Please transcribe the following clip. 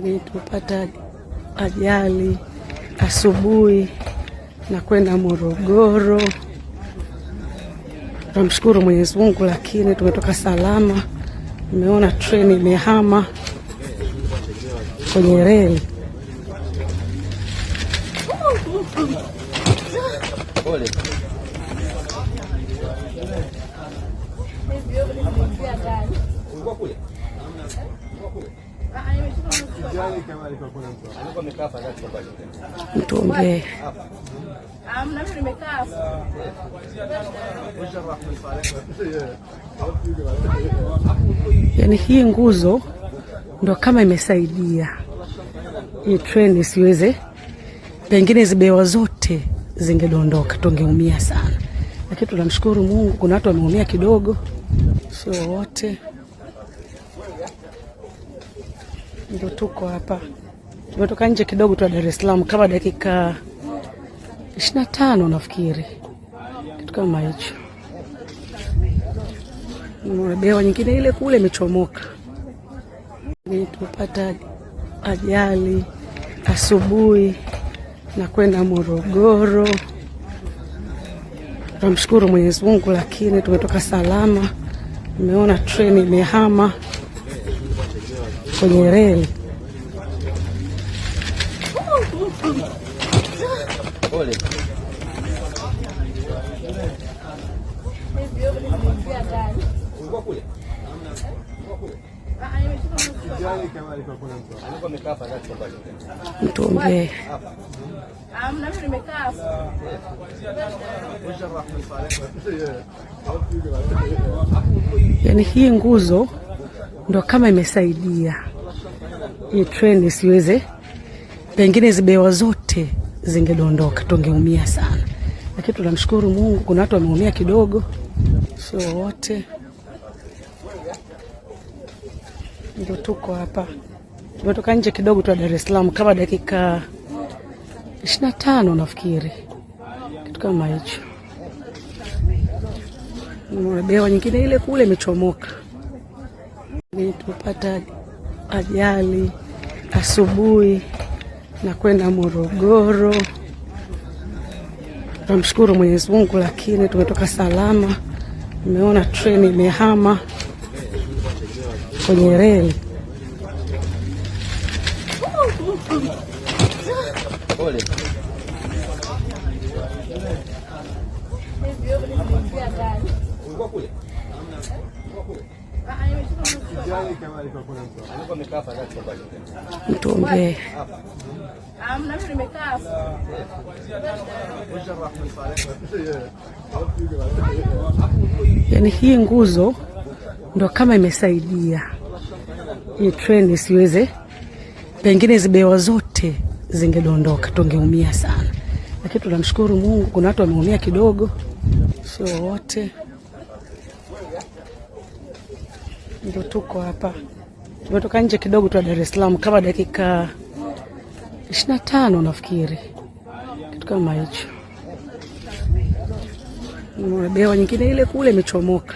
tupata ajali asubuhi na kwenda Morogoro. Tunamshukuru Mwenyezi Mungu, lakini tumetoka salama. Nimeona treni imehama kwenye reli. Mtuombee. hii nguzo ndo kama imesaidia hii treni isiweze, pengine zibewa zote zingedondoka, tungeumia sana, lakini tunamshukuru Mungu. Kuna watu wameumia kidogo, sio wote. Ndio tuko hapa, tumetoka nje kidogo tu Dar es Salaam kama dakika ishirini na tano nafikiri, kitu kama hicho. Bewa nyingine ile kule imechomoka. Tupata ajali asubuhi na kwenda Morogoro. Tunamshukuru Mwenyezi Mungu, lakini tumetoka salama. Nimeona treni imehama kwenye reli. Mtuongee yaani, hii nguzo ndo kama imesaidia hii treni isiweze, pengine hizi bewa zote zingedondoka, tungeumia sana, lakini tunamshukuru Mungu. Kuna watu wameumia kidogo, sio wote. Ndio tuko hapa, tumetoka nje kidogo tu Dar es Salaam, kama dakika ishirini na tano nafikiri, kitu kama hicho. Bewa nyingine ile kule imechomoka. Nilipopata ajali asubuhi na kwenda Morogoro, tunamshukuru Mwenyezi Mungu, lakini tumetoka salama. Nimeona treni imehama kwenye reli tuombee. Yani hii nguzo ndo kama imesaidia hii treni isiweze, pengine zibewa zote zingedondoka, tungeumia sana, lakini tunamshukuru Mungu, kuna watu wameumia kidogo, sio wote. Ndio tuko hapa, tumetoka nje kidogo tu Dar es Salaam kama dakika ishirini na tano nafikiri, kitu kama hicho. Behewa nyingine ile kule imechomoka.